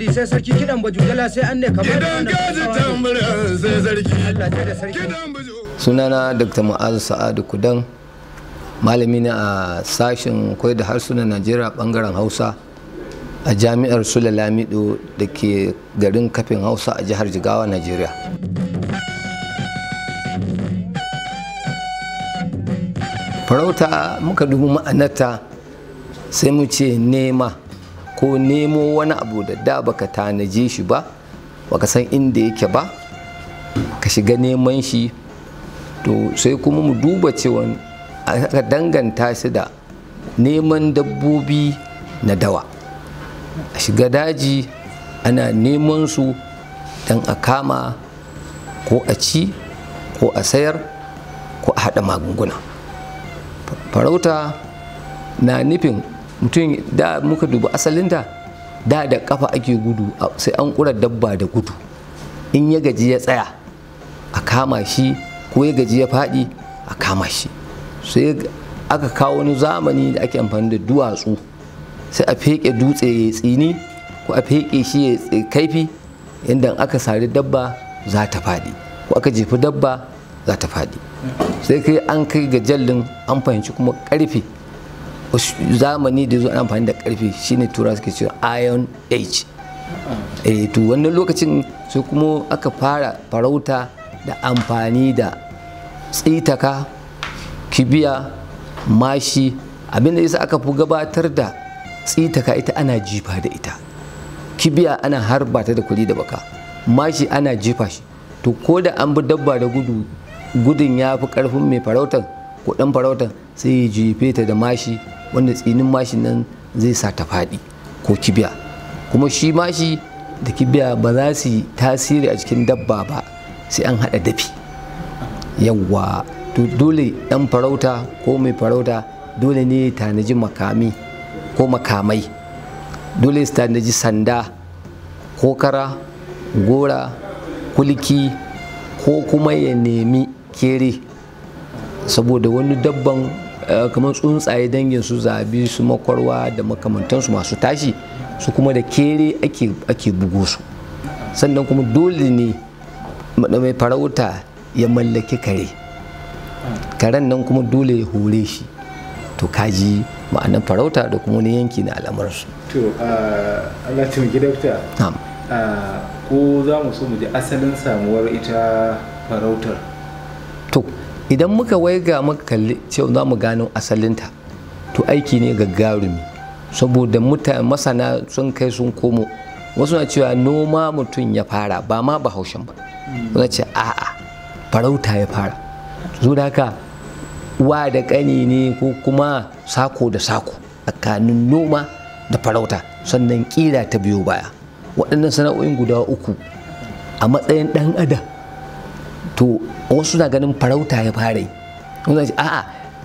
tambari sai sarki kidan bajujala sai an ne kamar tambari sai sarki sunana dr ma'az sa'adu kudan malami ne a sashen koyar da harsunan najeriya bangaren hausa a jami'ar sule lamido da ke garin kafin hausa a jihar jigawa najeriya farauta muka dubu ma'anarta sai mu ce nema ko nemo wani abu da da baka tanaje shi ba baka san inda yake ba ka shiga neman shi to sai kuma mu duba cewa aka danganta shi da neman dabbobi na dawa a shiga daji ana neman su don a kama ko a ci ko a sayar ko a haɗa magunguna farauta na nufin mutum da muka dubi asalinta da da kafa ake gudu sai an kura dabba da gudu in ya gaji ya tsaya a kama shi ko ya gaji ya faɗi a kama shi sai aka kawo wani zamani da ake amfani da duwatsu sai a feƙe dutse ya tsini ko a feƙe shi ya kaifi inda aka sari dabba za ta faɗi ko aka jefi dabba za ta faɗi sai kai an kai ga jallin an fahimci kuma karfe. zamani da zo ana amfani da karfe shine tura suke cewa iron age eh to wannan lokacin su kuma aka fara farauta da amfani da tsitaka kibiya mashi abinda yasa aka fi gabatar da tsitaka ita ana jifa da ita kibiya ana harba ta da kuli da baka mashi ana jifa shi to ko da an bi dabba da gudu gudun ya fi karfin mai farautan kuɗin farautan sai ya jefe ta da mashi wanda tsinin mashin nan zai sa ta faɗi ko kibiya kuma shi mashi da kibiya ba za su yi tasiri a cikin dabba ba sai an haɗa dafi yawwa to dole ɗan farauta ko mai farauta dole ne tanaji makami ko makamai dole su tanaji sanda ko kara gora kuliki, ko kuma ya nemi kere saboda wani dabban Eh, kamar tsuntsaye dangin su zabi su makwarwa da makamantansu masu tashi su kuma da kere ake bugo su sannan kuma dole ne mai farauta ya mallaki kare karen nan kuma dole ya hore shi to kaji ma'anar farauta da kuma wani yanki na al'amarsu to eh, Allah ta eh, ko za mu so mu ji asalin samuwar ita farautar idan muka waiga muka kalli cewa za mu gano asalinta to aiki ne gagarumi saboda mutane masana sun kai sun komo wasu na cewa noma mutum ya fara ba ma bahaushen ba suna ce a'a farauta ya fara zo da haka wa da kani ne ko kuma sako da sako tsakanin noma da farauta sannan ƙira ta biyo baya waɗannan sana'o'in guda uku a matsayin ɗan adam to wasu na ganin farauta ya fara yi a'a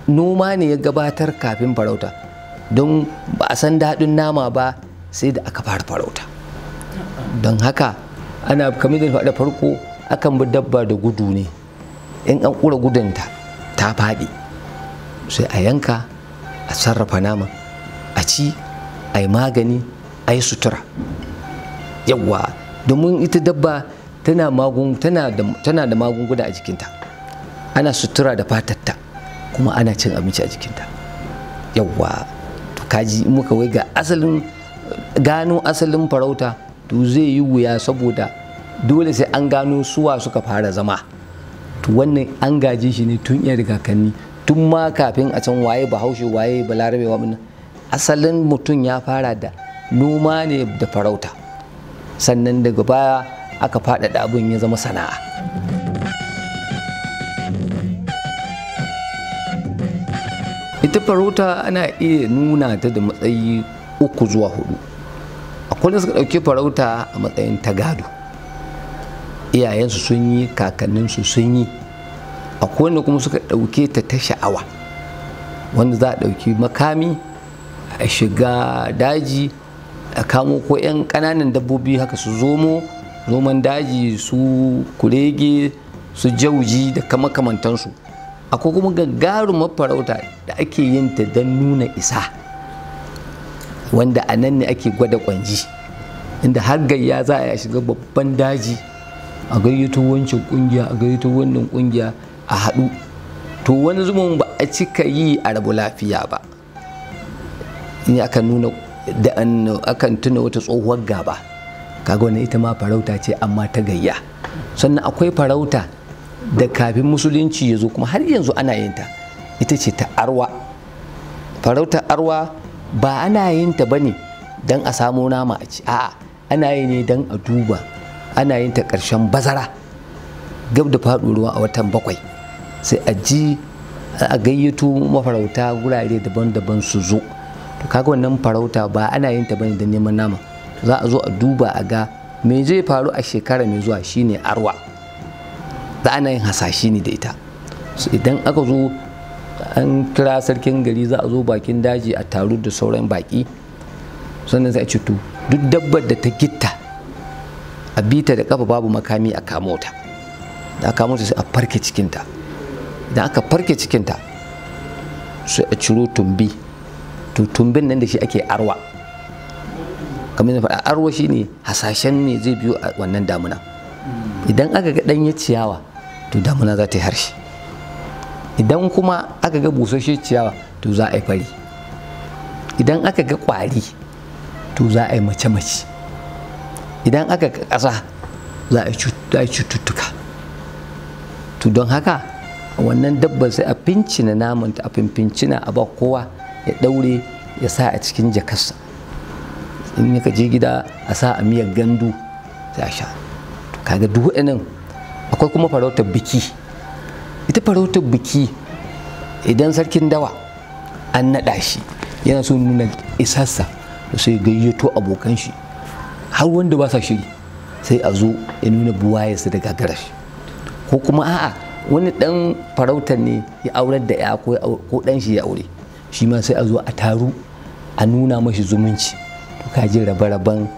noma ne ya gabatar kafin farauta don ba a san daɗin nama ba sai da aka fara farauta don haka ana kamar da faɗa farko akan bi dabba da gudu ne in an ƙura gudunta ta faɗi sai a yanka a sarrafa nama a ci a yi magani a yi sutura yawwa domin ita dabba tana da magunguna a jikinta ana sutura da fatatta kuma ana cin abinci a jikinta yawwa to kaji muka wai ga asalin gano asalin farauta to zai yi wuya saboda dole sai an gano suwa suka fara zama to wannan an gaje shi ne tun iya kakanni tun ma kafin a can waye bahaushe waye balarabe wa asalin mutum ya fara da noma ne da farauta sannan daga baya aka faɗaɗa abin ya zama sana'a ita farauta ana iya nuna ta da matsayi uku zuwa hudu akwai da suka ɗauki farauta a matsayin ta gado iyayensu sun yi kakanninsu sun yi akwai wanda kuma suka ɗauke ta ta sha'awa wanda za a ɗauki makami a shiga daji a kamo ko 'yan ƙananan dabbobi haka su zomo noman daji su kurege su jauji da kama kamantansu akwai kuma gagarumar mafarauta da ake yin ta don nuna isa wanda a nan ne ake gwada kwanji inda har gayya za a shiga babban daji a gayyato wancan kungiya a gayyato wannan kungiya a haɗu to wani zumun ba a cika yi a rabu lafiya ba in akan nuna akan tuna wata tsohuwar gaba kaga wannan ita ma farauta ce amma ta gayya sannan akwai farauta da kafin musulunci ya zo kuma har yanzu ana yin ta ita ce ta arwa farautar arwa ba ana yin ta bane don a samo nama a ci a'a ana yi ne don a duba ana yin ta ƙarshen bazara gab da ruwa a watan bakwai sai a ji a gayyato mafarauta gurare daban-daban su zo to kaga wannan farauta ba ana yin ta bane don neman nama za a zo a duba a ga me zai faru a shekara mai zuwa shine arwa da ana yin hasashe ne da ita idan aka zo an kira sarkin gari za a zo bakin daji a taru da sauran baki sannan sai a ce to duk dabbar da ta gitta a bita da kafa babu makami a kamo ta da aka sai a farke cikinta idan aka farke cikinta sai a ciro tumbi to tumbin nan da shi ake arwa kamar yadda faɗa arwa ne hasashen ne zai biyo a wannan damuna idan aka ga ɗanye ciyawa to damuna za ta yi harshe idan kuma aka ga busasshe ciyawa to za a yi fari idan aka ga ƙwari to za a yi mace-mace idan aka ga ƙasa za a yi cututtuka to don haka wannan dabbar sai a fincina namanta a finfincina a ba kowa ya ɗaure ya sa a cikin jakarsa in ya je gida a sa a miyar gandu sai a sha kaga duk wa'annan akwai kuma farautar biki ita farautar biki idan sarkin dawa an naɗa shi yana so nuna isarsa da sai gayyato abokan shi har wanda ba sa shiri sai a zo ya nuna buwayarsa da gagarar ko kuma a'a wani dan farautar ne ya aurar da ya ko dan shi ya aure shi ma sai a zo a taru a nuna mashi zumunci ka ji rabe-raben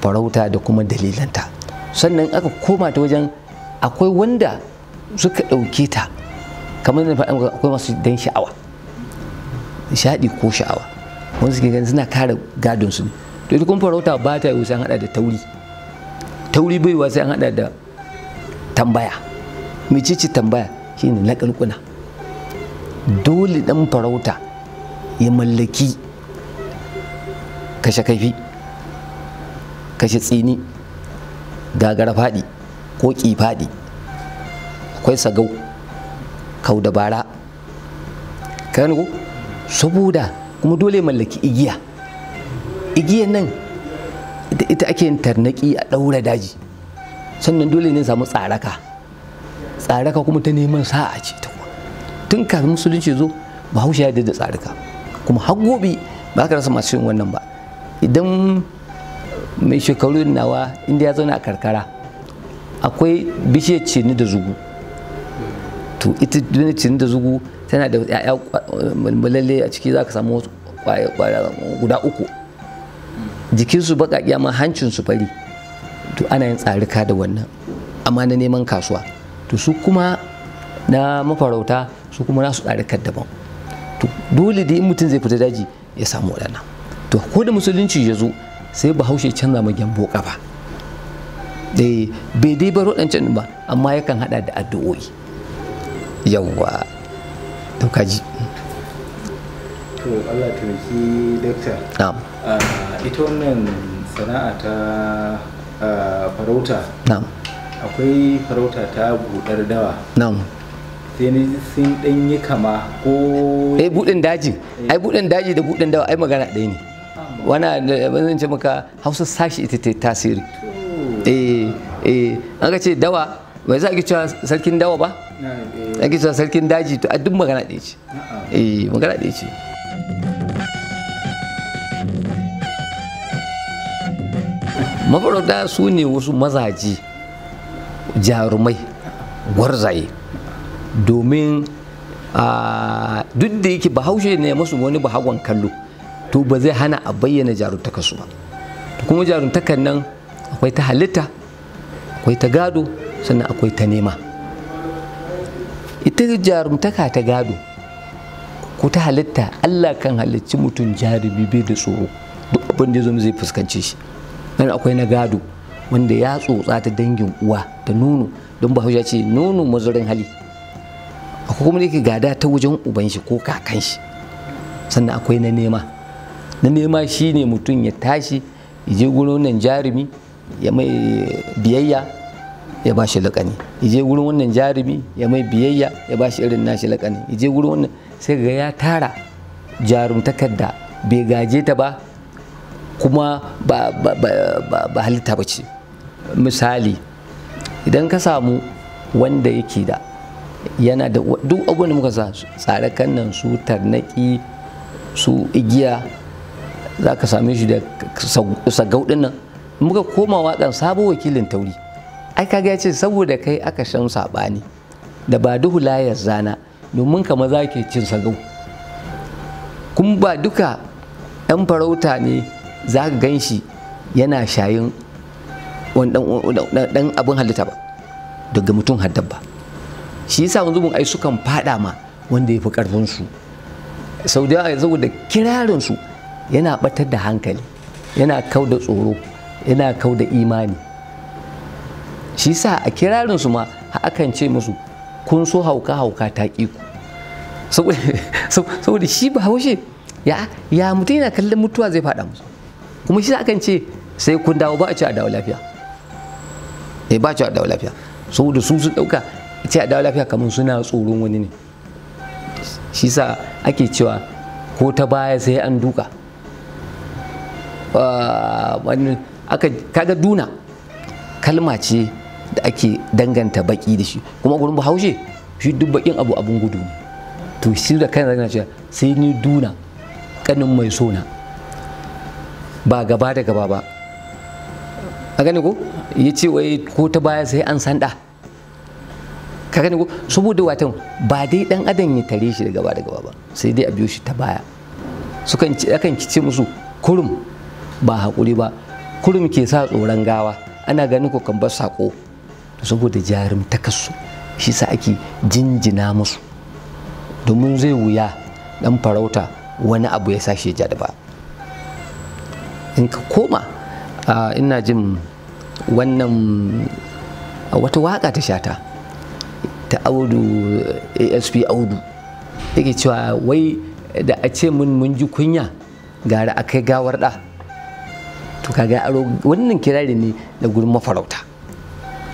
farauta da kuma dalilanta sannan aka koma ta wajen akwai wanda suka ɗauke ta kamar da faɗa akwai masu dan sha'awa shaɗi ko sha'awa wanda suke ganin suna kare gadon su ne to ita kuma farauta ba ta yiwu sai an haɗa da tauri tauri baiwa sai an haɗa da tambaya mecece tambaya shine laƙalƙuna dole ɗan farauta ya mallaki kashe kaifi kashe tsini gagara faɗi ko faɗi akwai sagau kau da bara kan ko saboda kuma dole mallaki igiya igiyan nan ita ake yin tarnaki a ɗaura daji sannan dole ne samu tsaraka tsaraka kuma ta neman sa'a ce ta tun kafin musulunci zo bahaushe ya da tsaraka kuma har gobe ba ka rasa masu yin wannan ba idan mai shekaru nawa inda ya zauna a karkara akwai bishiyar cini da zugu to ita duniya cini da zugu tana da ya'ya malalle a ciki za ka samu guda uku jikinsu baƙaƙi hancin hancinsu fari to ana yin tsarika da wannan amma na neman kasuwa to su kuma na mafarauta su kuma nasu tsarikar daban to dole da in mutum zai fita daji ya samu waɗannan to ko da musulunci ya zo sai bahaushe canza ma gyambo kafa eh, bai dai bar waɗancan ba amma yakan hada da addu'o'i yawwa to kaji to Allah taimaki na'am ah, ita wannan sana'a ta ah, farauta akwai farauta ta budar dawa sun ɗan yi kama ko ai eh, budin daji ai budin daji da budin dawa ai magana ɗaya ne wani zan ce maka hausa sashi ita ta tasiri eh eh an ka ce dawa bai za a cewa sarkin dawa ba a eh. cewa sarkin daji to a duk magana ɗaya ce eh magana ɗaya ce mafarauta su ne wasu mazaji jarumai gwarzaye domin ah, duk da yake bahaushe ne musu wani bahagon kallo to ba zai hana a bayyana jarumtaka su ba to kuma jaruntakan nan akwai ta halitta akwai ta gado sannan akwai ta nema ita jarumtaka ta gado ko ta halitta Allah kan halicci mutum jarumi bai da tsoro duk abin da ya zo zai fuskance shi nan akwai na gado wanda ya tsotsa ta dangin uwa da nono don bahaushe ce nono mazurin hali akwai kuma da ke gada ta wajen uban shi ko kakan shi sannan akwai na nema na nema shine mutum ya tashi ya je gurin wannan jarumi ya mai biyayya ya ba shi laƙani ya je gurin wannan jarumi ya mai biyayya ya ba shi irin nashi laƙani ya je gurin wannan sai ga ya tara jarum takarda bai gaje ta ba kuma ba, ba, ba, ba halitta ba ce misali idan ka samu wanda yake da yana da duk abubuwan da muka sa tsarakan nan su tarnaki su igiya za ka same shi da sagau nan muka koma wakan sabo wakilin tauri ai kaga ya ce saboda kai aka shan sabani da ba duhu layar zana domin kama za ke cin sagau kun ba duka 'yan farauta ne za ka gan shi yana shayin dan abin halitta ba daga mutum haddaba shi yasa wanzu zubin ai sukan fada ma wanda ya fi karfinsu sau da da kirarin su yana batar da hankali yana kau da tsoro yana kau da imani shi sa a kirarinsu ma akan ce musu kun so hauka hauka ta ƙi ku saboda shi ba haushe ya ya mutum yana kallon mutuwa zai faɗa musu kuma shi akan ce sai kun dawo ba a ci a dawo lafiya eh ba a ci a dawo lafiya saboda su sun ɗauka ce a dawo lafiya kamar suna tsoron wani ne shi sa ake cewa ko ta baya sai an duka aka kaga duna kalma ce da ake danganta baki da shi kuma gurin bahaushe shi duk bakin abu abun gudu ne to shi da kan rana cewa sai ni duna kanin mai sona ba gaba da gaba ba a gane ko ya ce wai ko ta baya sai an sanda ka gane ko saboda watan ba dai dan adam ya tare shi da gaba da gaba ba sai dai a biyo shi ta baya sukan akan kice musu kurum ba haƙuri ba kurum ke sa tsoron gawa ana ganin ku kan bar saƙo saboda kasu shi sa ake jinjina musu domin zai wuya dan farauta wani abu ya sashi ja da ba in ka koma ina jin wannan wata waka ta shata ta audu asp audu yake cewa wai da a ce mun mun ji kunya gara a kai gawar da to kaga aro wannan kirari ne da gurin mafarauta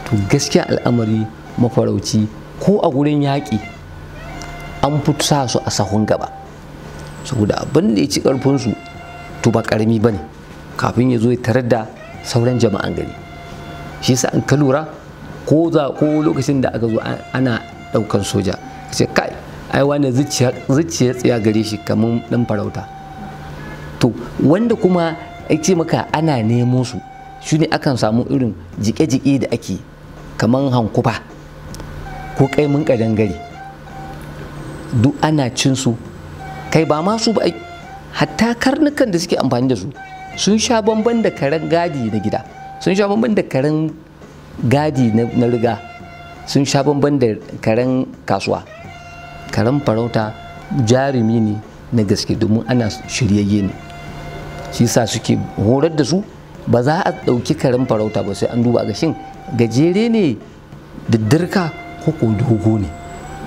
to gaskiya al'amari mafarauci ko a gurin yaƙi an fi sa su a sahun gaba saboda abin da ya ci ƙarfinsu to ba ƙarami ba ne kafin ya zo ya tarar da sauran jama'an gari shi yasa an ka lura ko za ko lokacin da aka zo ana ɗaukan soja sai kai ai wani zuciya tsaya gare shi kaman ɗan farauta to wanda kuma ce maka ana nemo su shi ne akan samu irin jike-jike da ake kamar hankufa ko kaimun dangare duk ana cin su kai ba masu su ba hatta karnukan da suke amfani da su sun sha bamban da karen gadi na gida sun sha bamban da karen gadi na riga sun sha bamban da karen kasuwa karen farauta jarumi ne na gaske domin ana shiryayye ne shi sa suke horar da su ba za a ɗauki karin farauta ba sai an duba ga shin gajere ne diddirka ko ko dogo ne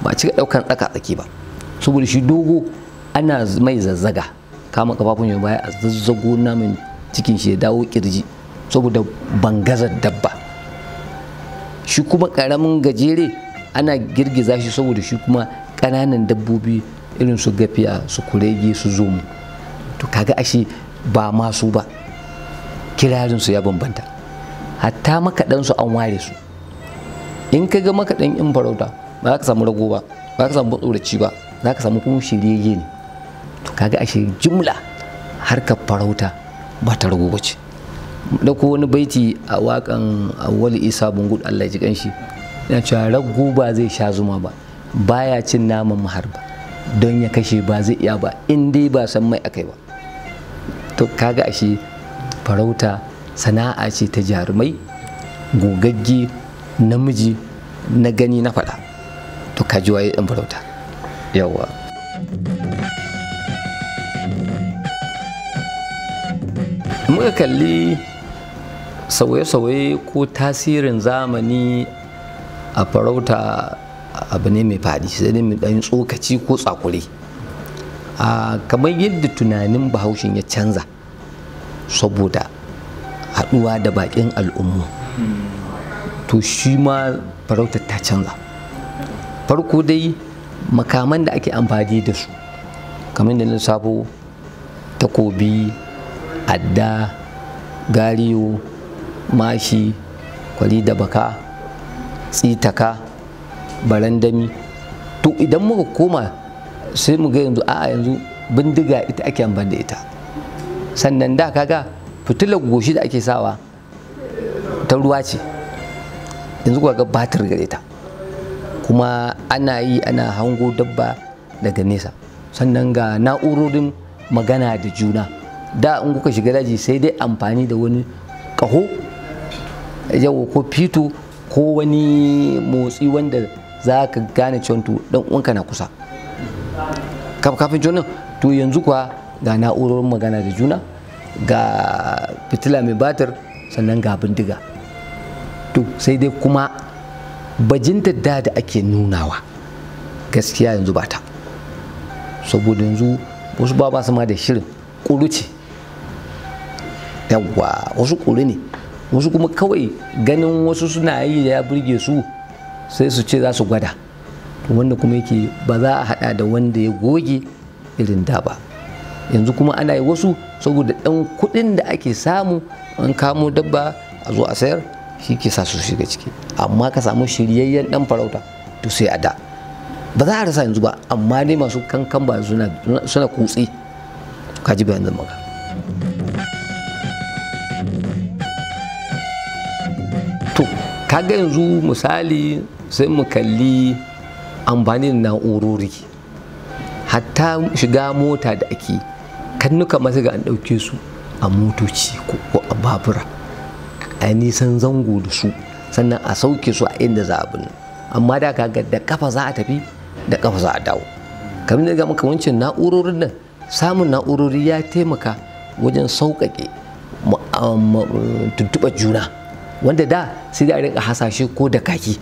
ba cika ɗaukan tsaka tsaki ba saboda shi dogo ana mai zazzaga kama kafafun yau baya a zazzago namin cikin shi ya dawo kirji saboda bangazar dabba shi kuma ƙaramin gajere ana girgiza shi saboda shi kuma ƙananan dabbobi irin su gafiya su kurege su zomu to kaga ashe ba masu ba kirarinsu ya bambanta hatta makaɗansu an ware su in ka ga makaɗan in farauta ba za ka samu rago ba ba za ka samu tsoraci ba za ka samu kuma shiryayye ne to kaga ashe jumla harkar farauta ba ta rago ba ce da ko wani baiti a wakan wali isa bungud allah ji kanshi yana cewa rago ba zai sha zuma ba baya cin naman maharba don ya kashe ba zai iya ba in dai ba san mai akai ba to kaga ashe farauta sana'a ce ta jarumai gogagge namiji na gani na faɗa to ji waye ɗan farauta yawa. muka kalli sauye-sauye ko tasirin zamani a farauta abu ne mai faɗi sai dai mai ɗan tsokaci ko tsakuri kamar yadda tunanin bahaushen ya canza saboda haɗuwa da baƙin al'ummu to shi ma farautar ta canza farko dai makaman da ake amfani da su kamar da sabo takobi adda gariyo mashi kwari da baka tsitaka barandami to idan muka koma sai mu ga yanzu a yanzu bindiga ita ake amfani da ita sannan da kaga fitilar goshi da ake sawa ta ruwa ce yanzu kuwa ga batir gare ta kuma ana yi ana hango dabba daga nesa sannan ga na'urorin magana da juna da in kuka shiga daji sai dai amfani da wani kaho yau ko fito ko wani motsi wanda za ka gane cewa dan uwanka na kusa kafin jonin to yanzu kuwa ga na'urorin magana da juna ga fitila mai batir sannan ga bindiga to sai dai kuma bajinta da da ake nunawa gaskiya yanzu ba ta saboda yanzu wasu ba ba ma da shirin ƙuru ce yawwa wasu ƙuru ne wasu kuma kawai ganin wasu suna yi da ya burge su sai su ce za su gwada wanda kuma yake ba za a hada da wanda ya goge irin da ba yanzu kuma ana yi wasu saboda ɗan kuɗin da ake samu an kamo dabba a zo a sayar shi ke sa su shiga ciki amma ka samu shiryayyen ɗan farauta to sai a da ba za a rasa yanzu ba amma dai masu kankan ba suna kutse ka ji bayan zama to kaga yanzu misali sai mu kalli amfani da na'urori hatta shiga mota da ake kannuka masu ga an ɗauke su a motoci ko a babura a nisan zango da su sannan a sauke su a inda za a binu amma da kaga da kafa za a tafi da kafa za a dawo kamar ne ga muka wancin na'urorin nan samun na'urori ya taimaka wajen sauƙaƙe um, tuntuɓar juna wanda da sai da a rinka hasashe ko da kaki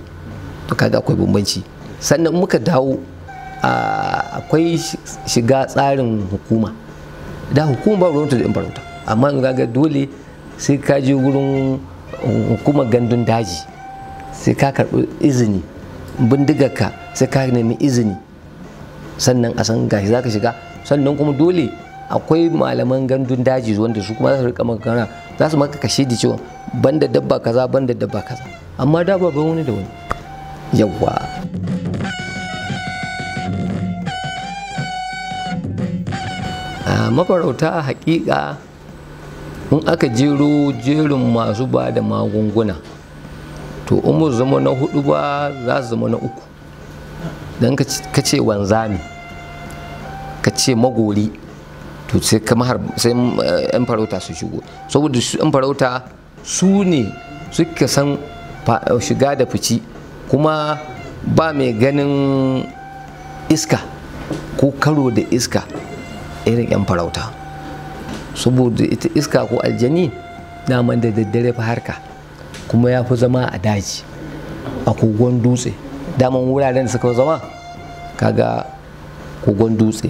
to kaga akwai bambanci sannan muka dawo akwai shiga tsarin hukuma da hukuma ba ruwanta da yan farauta amma ga dole sai ka je wurin hukumar gandun daji sai ka karɓi izini bindigarka sai ka nemi izini sannan a san gashi za ka shiga sannan kuma dole akwai malaman gandun daji wanda su kuma za su rika magana za su maka kashe da cewa banda dabba kaza banda dabba kaza amma dabba ba wani da wani yawwa mafarauta a hakika in aka jero jerin masu ba da magunguna to in zama na hudu ba za su zama na uku don ka ce wanzami ka ce magori to sai eh, yan farauta su shigo saboda yan farauta su ne suka san shiga da fici kuma ba mai ganin iska ko karo da iska irin 'yan farauta saboda ita iska ko aljani daman da daddare fa harka kuma ya fi zama a daji a kogon dutse daman wuraren suka zama kaga kogon dutse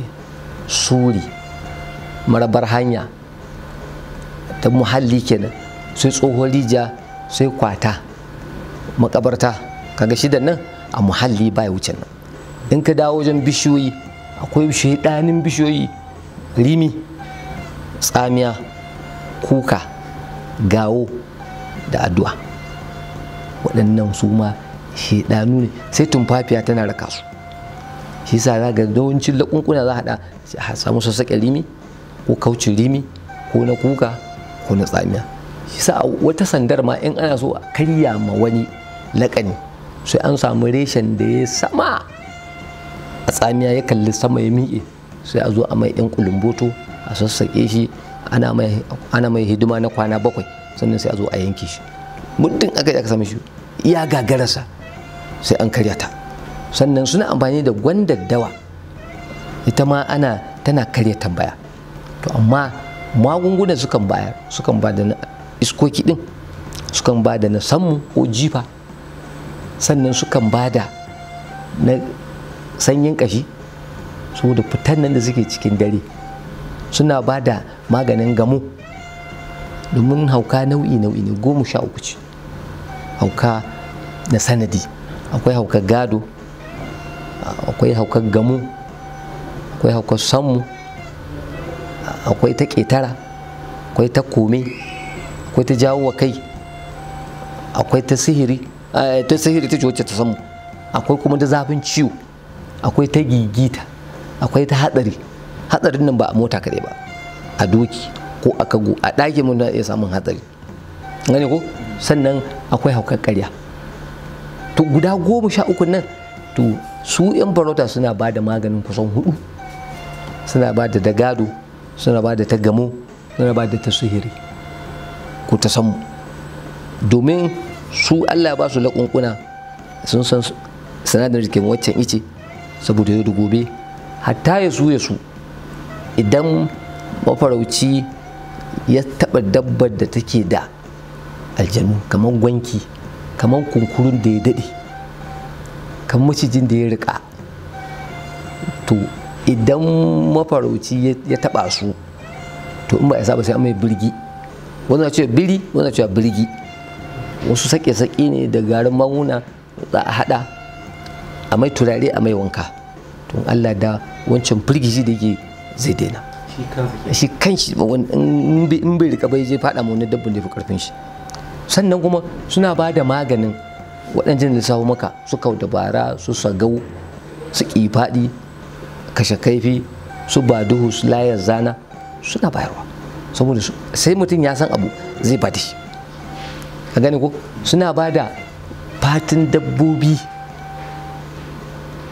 suri marabar hanya ta muhalli kenan sai tsohon rija sai kwata makabarta kaga shidan nan a muhalli baya wuce nan in ka dawo wajen bishiyoyi akwai bishiyoyi ɗanin bishiyoyi rimi tsamiya kuka gawo da addu'a waɗannan su ma shaidanu ne sai tumfafiya tana raka su shi sa za ga yawancin laƙunƙuna za a haɗa a samu sassaƙe rimi ko kaucin rimi ko na kuka ko na tsamiya shi sa wata sandar ma in ana so a karya ma wani laƙani sai an samu reshen da ya sama a tsamiya ya kalli sama ya miƙe sai a zo a mai ɗan kulumboto a sassaƙe shi ana mai hidima na kwana bakwai sannan sai a zo a yanke shi muddin aka yi aka sami shi ya gagararsa sai an karya ta sannan suna amfani da gwandar dawa ita ma ana tana karya tambaya to amma magunguna sukan bayar sukan ba da na iskoki din sukan ba da na sammu ko jifa sannan sukan ba da na sanyin kashi saboda fitan nan da suke cikin dare suna ba da maganin gamo domin hauka nau'i nau'i ne goma sha uku ce hauka na sanadi akwai haukar gado akwai haukar gamo akwai haukar sammu akwai ta ƙetara akwai ta kome akwai ta jawo wa kai akwai ta sihiri eh, ta sihiri ta ce wacce ta samu akwai kuma ta zafin ciwo akwai ta gigita akwai ta hatsari hatsarin nan ba a mota kaɗai ba a doki ko a kago a ɗaki mun na iya samun hatsari gane ko sannan akwai haukar karya to guda goma sha uku nan to su yan barota suna ba da maganin kusan hudu suna ba da dagado suna ba da tagamo suna ba da tasuhiri ko ta samu domin su allah ba su laƙunƙuna sun san sanadin jikin waccan ice saboda yau da gobe hatta ya su ya su idan mafarauci ya taɓa dabbar da take da aljanu kamar gwanki kamar kunkurun da ya daɗe kamar macijin da ya riƙa to idan mafarauci ya taɓa su to in ba ya saba sai an mai birgi na cewa biri wani na cewa birgi wasu sake-sake ne da garin mauna za a haɗa a mai turare a mai wanka in Allah da wancan firgici da yake zai daina shi kanshi in bai rika bai zai fada ma wani dabbun da fi karfin shi sannan kuma suna ba da maganin waɗancan da sawo maka su kau dabara su sagau su kifaɗi kashe kaifi su baduhu su layar zana suna bayarwa saboda sai mutum ya san abu zai bada shi a gane ko suna ba da fatin dabbobi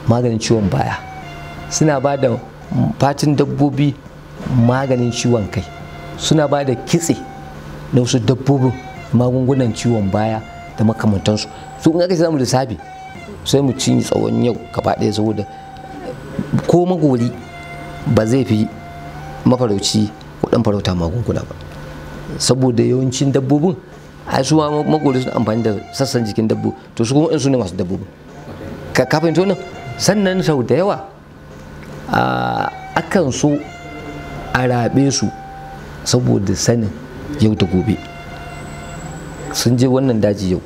maganin ciwon baya suna ba da fatin dabbobi maganin ciwon kai suna ba da kitse na wasu dabbobin magungunan ciwon baya da makamantansu su in aka samu lissafi sai mu cinye tsawon yau gaba ɗaya saboda ko magori ba zai fi mafarauci ɗan farauta magunguna ba saboda yawancin dabbobin ai su magori suna amfani da sassan jikin dabbobi. to su kuma in su ne masu dabbobin ka kafin sannan sau da yawa akan so a raɓe su saboda sanin yau da gobe sun je wannan daji yau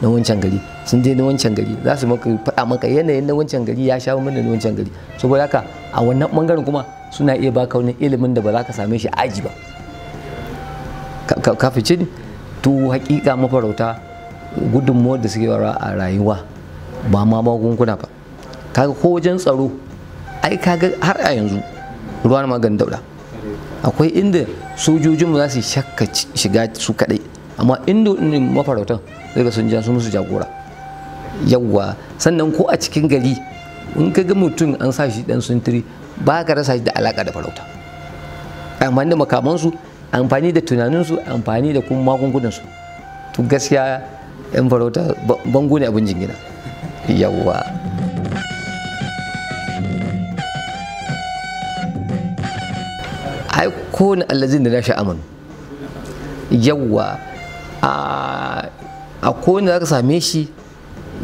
na wancan gari sun je na wancan gari za su maka faɗa maka yanayin na wancan gari ya sha mana na wancan gari saboda haka a wannan bangaren kuma suna iya baka wani ilimin da ba za ka same shi aji ba ka fice ne to hakika mafarauta gudunmuwar da suke a rayuwa ba ma magunguna ba kaga ko wajen tsaro ai kaga har a yanzu ruwa na maganin dauda akwai inda sojojinmu za su shakka shiga su kadai amma inda mafarautan zai ga sun ja su musu jagora yawwa sannan ko a cikin gari in ka ga mutum an sa shi dan sintiri ba ka rasa shi da alaka da farauta amfani da makamansu amfani da tunaninsu amfani da kuma magungunansu to gaskiya yan farauta bango ne abin jingina yawwa ai na allazin da na sha amanu yawwa a kowane za ka same shi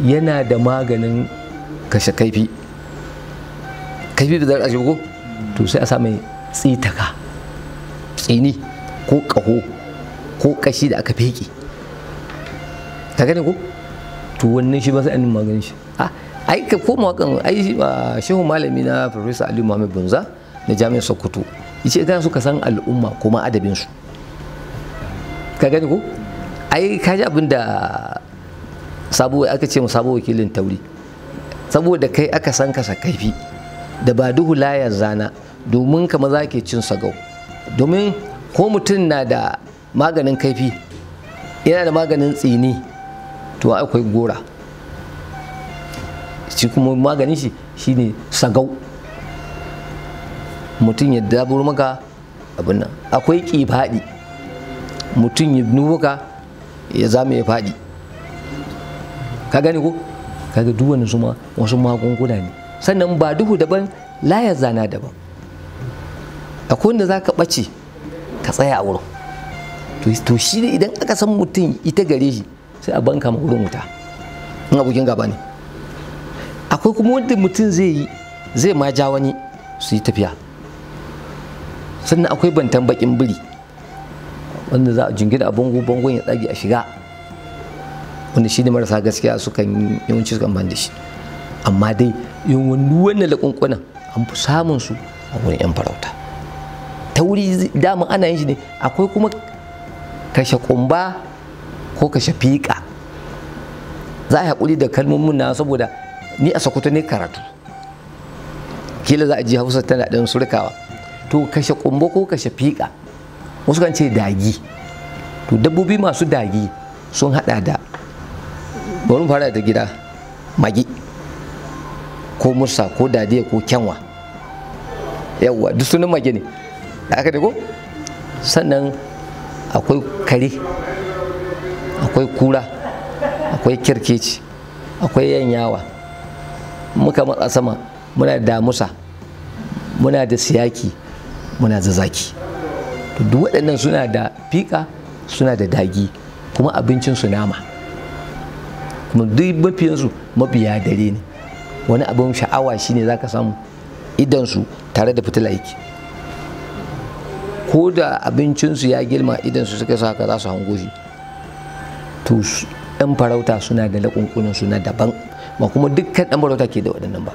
yana da maganin kashe kaifi kaifi da zara a ko to sai a sa mai tsitaka tsini ko ƙaho ko ƙashi da aka feƙe ka gane ko to wannan shi ba sai an maganin shi ai ka koma kan ai shehu malami na professor ali muhammad bunza na jami'ar sokoto Ice kana su ka san al'umma kuma adabinsu? ka gani ko ai ka ji abin da sabo aka ce mu sabo wakilin tauri saboda kai aka san ka sakaifi da ba duhu layar zana domin kama za ke cin sagau domin ko mutum na da maganin kaifi yana da maganin tsini to akwai gora shi kuma maganin shi shine sagau mutum ya dabur maka abin nan akwai faɗi mutum ya nubuka ya zama ya faɗi ka gani ko kaga duk wani suma wasu magunguna ne sannan ba duhu daban layar zana daban akwai wanda za ka ɓace ka tsaya a wurin to shi ne idan aka san mutum ita gare shi sai a banka ma wurin wuta in abokin gaba ne akwai kuma wanda mutum zai yi zai ma ja wani su yi tafiya sannan akwai bantan bakin biri wanda za a jingina a bango bangon ya tsage a shiga wanda shi ne marasa gaskiya sukan yawanci sukan ban da shi amma dai yin wani lakunkunan an fi samun su a wurin 'yan farauta tauri dama ana yin shi ne akwai kuma kashe kumba ko kashe fiƙa za a yi haƙuri da kalmomin na saboda ni a sakuta ne karatu kila za a ji hausa tana ɗan surkawa to kashe kumbo ko kashe fika wasu kan ce dagi to dabbobi masu dagi sun hada da bari fara da gida magi ko musa ko dadiya ko kyanwa yawwa duk sunan magi ne da aka dago sannan akwai kare akwai kura akwai kirkeci akwai yanyawa muka matsa sama muna da damusa muna da siyaki muna zazzaki to duk waɗannan suna da fiƙa suna da dagi kuma abincin nama kuma duk mafiyansu mabiya dare ne wani abin sha'awa shine zaka samu idansu tare da fitila yake ko da abincinsu ya girma idansu suka sa haka za su hango shi to ɗan farauta suna da laƙunƙunan suna daban ba kuma dukkan ɗan farauta ke da waɗannan ba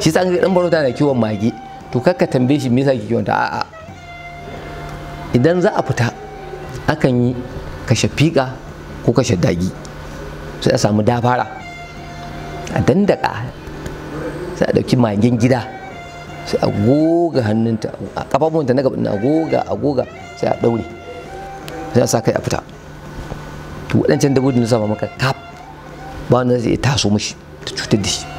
shi sa an ga ɗan farauta na kiwon mage to kakka tambaye shi me yasa kike wanta a'a idan za a fita akan yi kashe fiƙa ko kashe dagi sai a samu dafara a dandaka sai a ɗauki magen gida sai a goga hannunta a kafafunta na gaba a goga a goga sai a ɗaure sai a sa kai a fita to waɗancan dabbobin da sama maka kaf ba wanda zai taso mishi ta cutar da shi